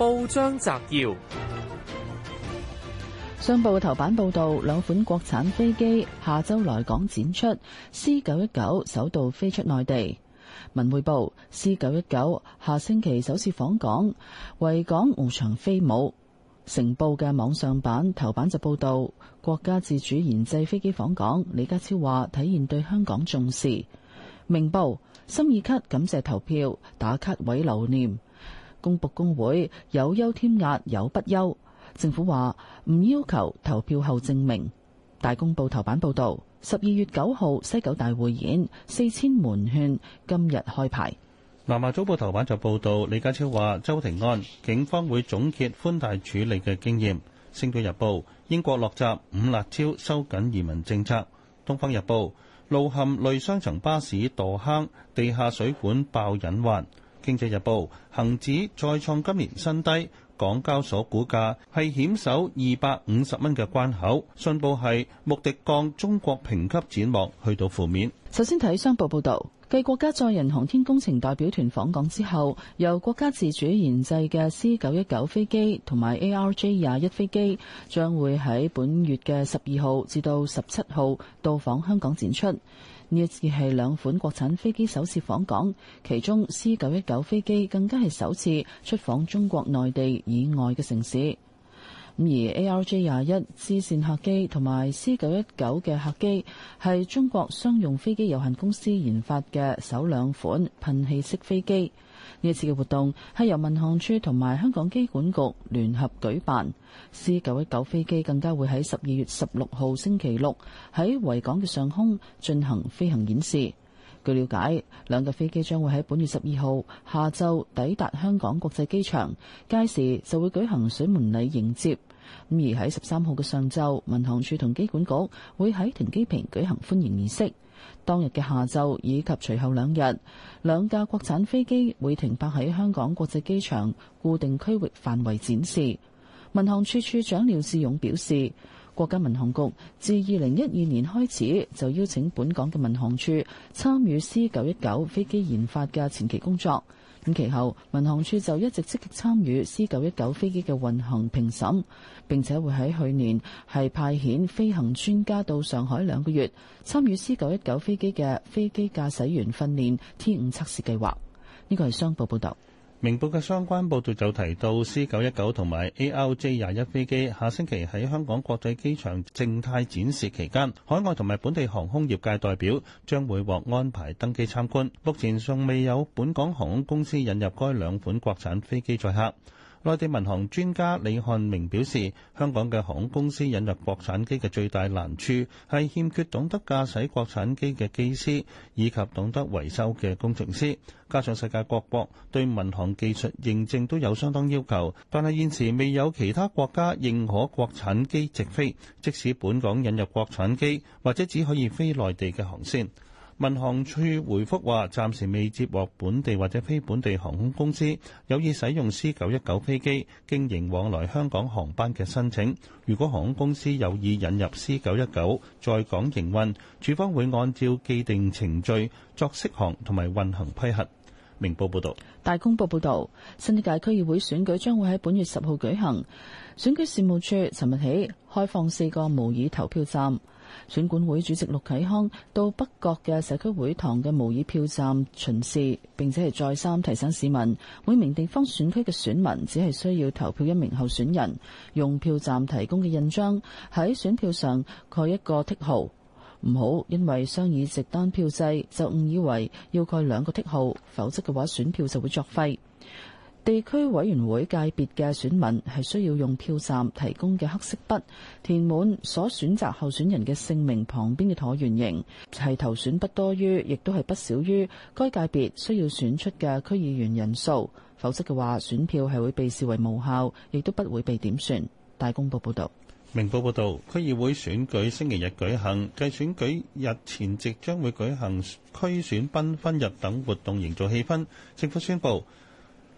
報章摘要：商報頭版報道兩款國產飛機下周來港展出，C 九一九首度飛出內地。文匯報 C 九一九下星期首次訪港，為港翱翔飛舞。成報嘅網上版頭版就報道國家自主研製飛機訪港，李家超話體現對香港重視。明報心意卡，感謝投票，打卡位留念。公僕工會有憂添壓有不休，政府話唔要求投票後證明。大公報頭版報道：十二月九號西九大會演四千門券今日開牌。南華早報頭版就報道李家超話：周庭案警方會總結寬大處理嘅經驗。星島日報：英國落閘五辣招收緊移民政策。東方日報：路陷累雙層巴士墮坑，地下水管爆隱患。經濟日報，恒指再創今年新低，港交所股價係險守二百五十蚊嘅關口。信報係穆迪降中國評級展望去到負面。首先睇商報報道，繼國家載人航天工程代表團訪港之後，由國家自主研製嘅 C 九一九飛機同埋 ARJ 廿一飛機，將會喺本月嘅十二號至到十七號到訪香港展出。呢一次係兩款國產飛機首次訪港，其中 C 九一九飛機更加係首次出訪中國內地以外嘅城市。咁而 ARJ 廿一支線客機同埋 C 九一九嘅客機係中國商用飛機有限公司研發嘅首兩款噴氣式飛機。呢一次嘅活動係由民航處同埋香港機管局聯合舉辦。C 九一九飛機更加會喺十二月十六號星期六喺維港嘅上空進行飛行演示。據了解，兩架飛機將會喺本月十二號下晝抵達香港國際機場，屆時就會舉行水門禮迎接。咁而喺十三號嘅上晝，民航處同機管局會喺停機坪舉行歡迎儀式。當日嘅下晝以及隨後兩日，兩架國產飛機會停泊喺香港國際機場固定區域範圍展示。民航處處長廖志勇表示，國家民航局自二零一二年開始就邀請本港嘅民航處參與 C 九一九飛機研發嘅前期工作。咁其後，民航處就一直積極參與 C 九一九飛機嘅運行評審，並且會喺去年係派遣飛行專家到上海兩個月，參與 C 九一九飛機嘅飛機駕駛員訓練 T 五測試計劃。呢個係商報報道。明報嘅相關報導就提到，C 九一九同埋 ARJ 廿一飛機下星期喺香港國際機場靜態展示期間，海外同埋本地航空業界代表將會獲安排登機參觀。目前尚未有本港航空公司引入該兩款國產飛機載客。內地民航專家李漢明表示，香港嘅航空公司引入國產機嘅最大難處係欠缺懂得駕駛國產機嘅機師，以及懂得維修嘅工程師。加上世界各國對民航技術認證都有相當要求，但係現時未有其他國家認可國產機直飛，即使本港引入國產機，或者只可以飛內地嘅航線。民航處回覆話：暫時未接獲本地或者非本地航空公司有意使用 C 九一九飛機經營往來香港航班嘅申請。如果航空公司有意引入 C 九一九在港營運，處方會按照既定程序作適航同埋運行批核。明報報道。《大公報》報道：新一屆區議會選舉將會喺本月十號舉行。選舉事務處尋日起開放四個模擬投票站。選管會主席陸啟康到北角嘅社區會堂嘅模擬票站巡視，並且係再三提醒市民，每名地方選區嘅選民只係需要投票一名候選人，用票站提供嘅印章喺選票上蓋一個剔號，唔好因為雙議席單票制就誤以為要蓋兩個剔號，否則嘅話選票就會作廢。地區委員會界別嘅選民係需要用票站提供嘅黑色筆填滿所選擇候選人嘅姓名，旁邊嘅橢圓形係投選不多於，亦都係不少於該界別需要選出嘅區議員人數，否則嘅話選票係會被視為無效，亦都不會被點算。大公報報道：「明報報道區議會選舉星期日舉行，繼選舉日前夕將會舉行區選，繽紛日等活動營造氣氛，政府宣布。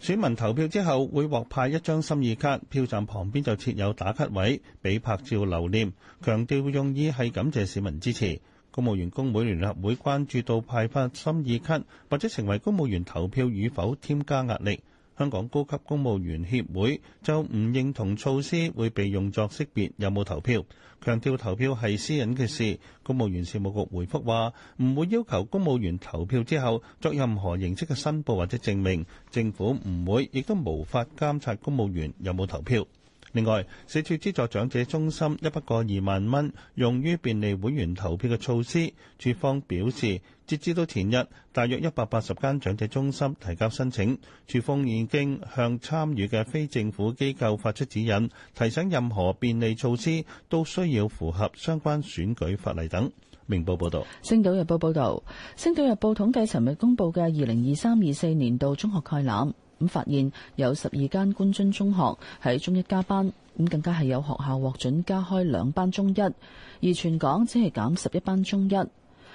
選民投票之後會獲派一張心意卡，票站旁邊就設有打卡位，俾拍照留念。強調用意係感謝市民支持。公務員工會聯合會關注到派發心意卡或者成為公務員投票與否添加壓力。香港高級公務員協會就唔認同措施會被用作識別有冇投票，強調投票係私隱嘅事。公務員事務局回覆話，唔會要求公務員投票之後作任何形式嘅申報或者證明，政府唔會亦都無法監察公務員有冇投票。另外，社署資助長者中心一筆過二萬蚊，用於便利會員投票嘅措施。署方表示，截至到前日，大約一百八十間長者中心提交申請。署方已經向參與嘅非政府機構發出指引，提醒任何便利措施都需要符合相關選舉法例等。明報報道。《星島日報》報道，《星島日報》統計，尋日公佈嘅二零二三二四年度中學概覽。咁發現有十二間官津中學喺中一加班，咁更加係有學校獲准加開兩班中一，而全港只係減十一班中一。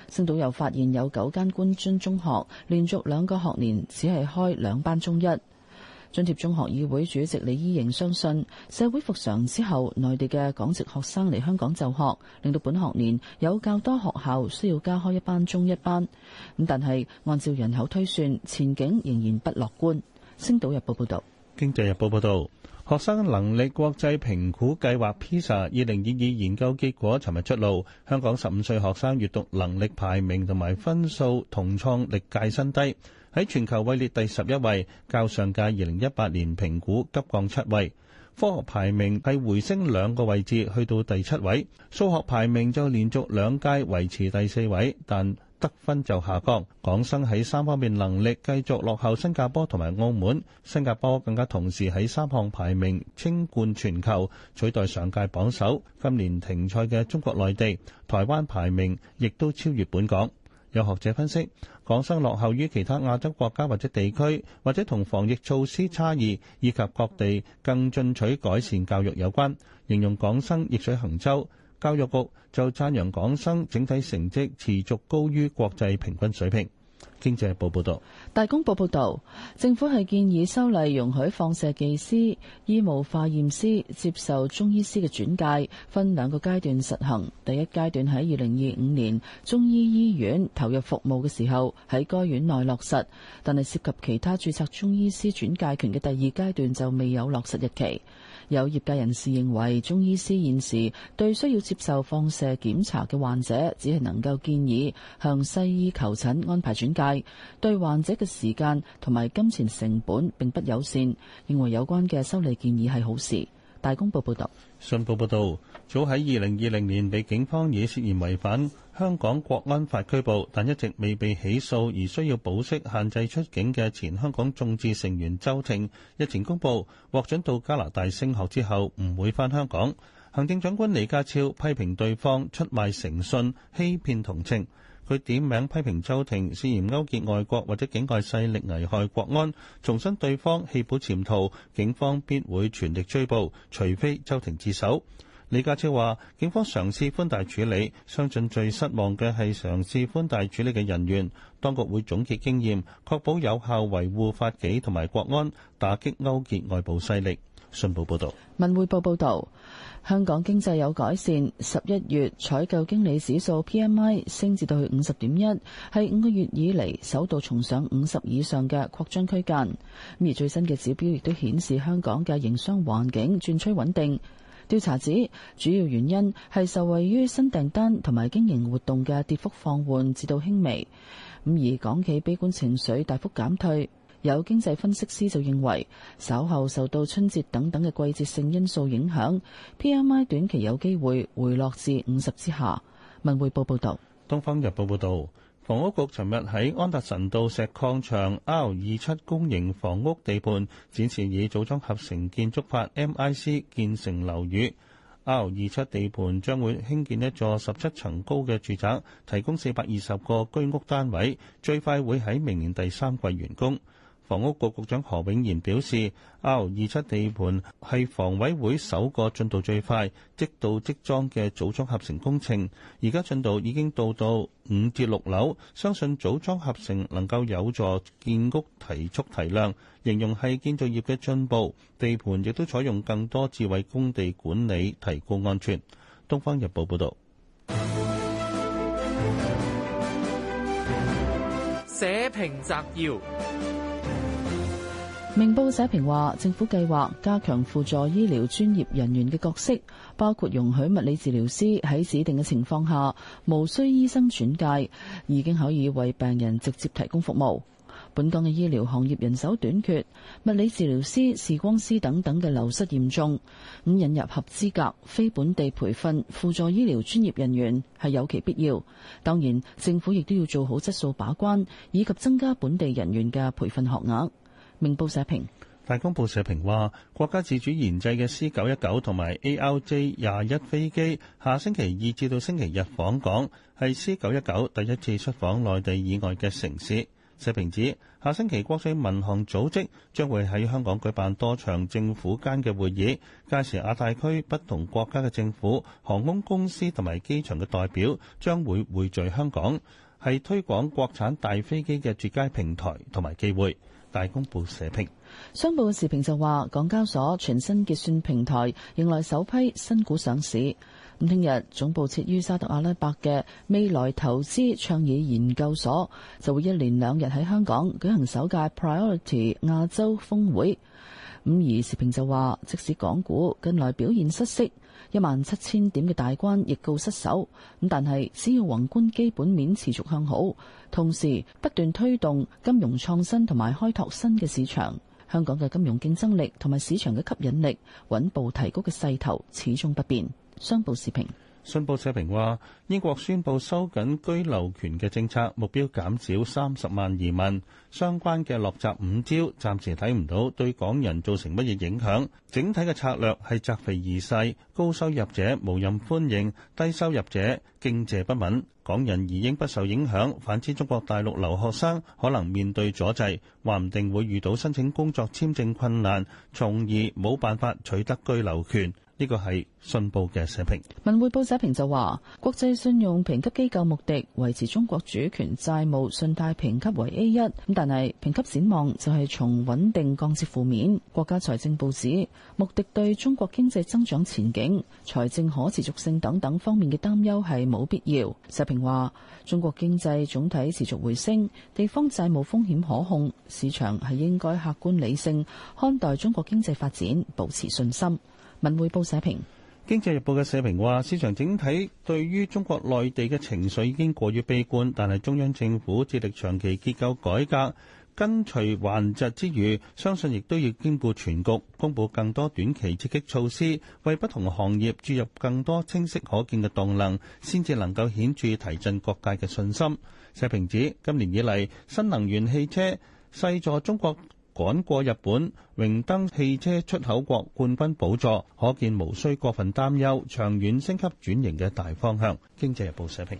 星島又發現有九間官津中學連續兩個學年只係開兩班中一。津貼中學議會主席李伊瑩相信，社會復常之後，內地嘅港籍學生嚟香港就學，令到本學年有較多學校需要加開一班中一班。咁但係按照人口推算，前景仍然不樂觀。星島日報報道，經濟日報報道，學生能力國際評估計劃 （PISA） 二零二二研究結果尋日出爐。香港十五歲學生閱讀能力排名同埋分數同創歷屆新低，喺全球位列第十一位，較上屆二零一八年評估急降七位。科學排名係回升兩個位置，去到第七位；數學排名就連續兩屆維持第四位，但得分就下降，港生喺三方面能力繼續落後新加坡同埋澳門，新加坡更加同時喺三項排名稱冠全球，取代上屆榜首。今年停賽嘅中國內地、台灣排名亦都超越本港。有學者分析，港生落後於其他亞洲國家或者地區或者同防疫措施差異以及各地更進取改善教育有關，形容港生逆水行舟。教育局就讚揚港生整體成績持續高於國際平均水平。經濟日報報道，大公報報道，政府係建議修例容許放射技師、醫務化驗師接受中醫師嘅轉介，分兩個階段實行。第一階段喺二零二五年中醫醫院投入服務嘅時候，喺該院內落實。但係涉及其他註冊中醫師轉介權嘅第二階段就未有落實日期。有業界人士認為，中醫師現時對需要接受放射檢查嘅患者，只係能夠建議向西醫求診安排轉介。對患者嘅時間同埋金錢成本並不友善，認為有關嘅修例建議係好事。大公報報道，信報報道，早喺二零二零年被警方以涉嫌違反香港國安法拘捕，但一直未被起訴而需要保釋限制出境嘅前香港眾志成員周庭日前公布獲准到加拿大升學之後唔會返香港。行政長官李家超批評對方出賣誠信、欺騙同情。佢點名批評周庭，涉嫌勾結外國或者境外勢力危害國安，重申對方棄保潛逃，警方必會全力追捕，除非周庭自首。李家超話：警方嘗試寬大處理，相信最失望嘅係嘗試寬大處理嘅人員。當局會總結經驗，確保有效維護法紀同埋國安，打擊勾結外部勢力。信報報導，文匯報報導，香港經濟有改善。十一月採購經理指數 PMI 升至到去五十點一，係五個月以嚟首度重上五十以上嘅擴張區間。而最新嘅指標亦都顯示香港嘅營商環境轉趨穩定。調查指主要原因係受惠於新訂單同埋經營活動嘅跌幅放緩至到輕微。咁而港企悲觀情緒大幅減退。有經濟分析師就認為，稍後受到春節等等嘅季節性因素影響，P.M.I. 短期有機會回落至五十之下。文匯報報道。東方日報報道，房屋局尋日喺安達臣道石礦場 R 二七公營房屋地盤展示以組裝合成建築法 M.I.C. 建成樓宇。R 二七地盤將會興建一座十七層高嘅住宅，提供四百二十個居屋單位，最快會喺明年第三季完工。房屋局局長何永賢表示，R 二七地盤係房委會首個進度最快、即到即裝嘅組裝合成工程，而家進度已經到到五至六樓，相信組裝合成能夠有助建屋提速提量，形容係建造業嘅進步。地盤亦都採用更多智慧工地管理，提高安全。《東方日報》報道：社評摘要。明報社評話，政府計劃加強輔助醫療專業人員嘅角色，包括容許物理治療師喺指定嘅情況下，無需醫生轉介，已經可以為病人直接提供服務。本港嘅醫療行業人手短缺，物理治療師、視光師等等嘅流失嚴重，咁引入合資格非本地培訓輔助醫療專業人員係有其必要。當然，政府亦都要做好質素把關，以及增加本地人員嘅培訓學額。明報社評。大公報社評話，國家自主研製嘅 C 九一九，同埋 ARJ 廿一飛機下星期二至到星期日訪港，係 C 九一九第一次出訪內地以外嘅城市。社評指，下星期國際民航組織將會喺香港舉辦多場政府間嘅會議，屆時亞太區不同國家嘅政府航空公司同埋機場嘅代表將會匯聚香港，係推廣國產大飛機嘅絕佳平台同埋機會。大公報社評，商報嘅時評就話，港交所全新結算平台迎來首批新股上市。咁聽日總部設於沙特阿拉伯嘅未來投資倡議研究所就會一連兩日喺香港舉行首屆 Priority 亞洲峰會。咁而時評就話，即使港股近來表現失色，一萬七千點嘅大關亦告失守。咁但係，只要宏觀基本面持續向好，同時不斷推動金融創新同埋開拓新嘅市場，香港嘅金融競爭力同埋市場嘅吸引力穩步提高嘅勢頭始終不變。商報時評。信報社評話：英國宣布收緊居留權嘅政策，目標減少三十萬移民。相關嘅落閘五招，暫時睇唔到對港人造成乜嘢影響。整體嘅策略係擇肥而噬，高收入者無任歡迎，低收入者敬謝不敏。港人而應不受影響，反之中國大陸留學生可能面對阻滯，話唔定會遇到申請工作簽證困難，從而冇辦法取得居留權。呢個係信報嘅社評，《文匯報》社評就話：國際信用評級機構穆迪維持中國主權債務信貸評級為 A1，咁但係評級展望就係從穩定降至負面。國家財政部指，穆迪對中國經濟增長前景、財政可持續性等等方面嘅擔憂係冇必要。社評話：中國經濟總體持續回升，地方債務風險可控，市場係應該客觀理性看待中國經濟發展，保持信心。文匯報社評。經濟日報嘅社評話，市場整體對於中國內地嘅情緒已經過於悲觀，但係中央政府致力長期結構改革，根除頑疾之餘，相信亦都要兼顧全局，公布更多短期刺激措施，為不同行業注入更多清晰可見嘅動能，先至能夠顯著提振各界嘅信心。社評指，今年以嚟，新能源汽車細助中國。趕過日本榮登汽車出口國冠軍寶座，可見無需過分擔憂長遠升級轉型嘅大方向。經濟日報社評。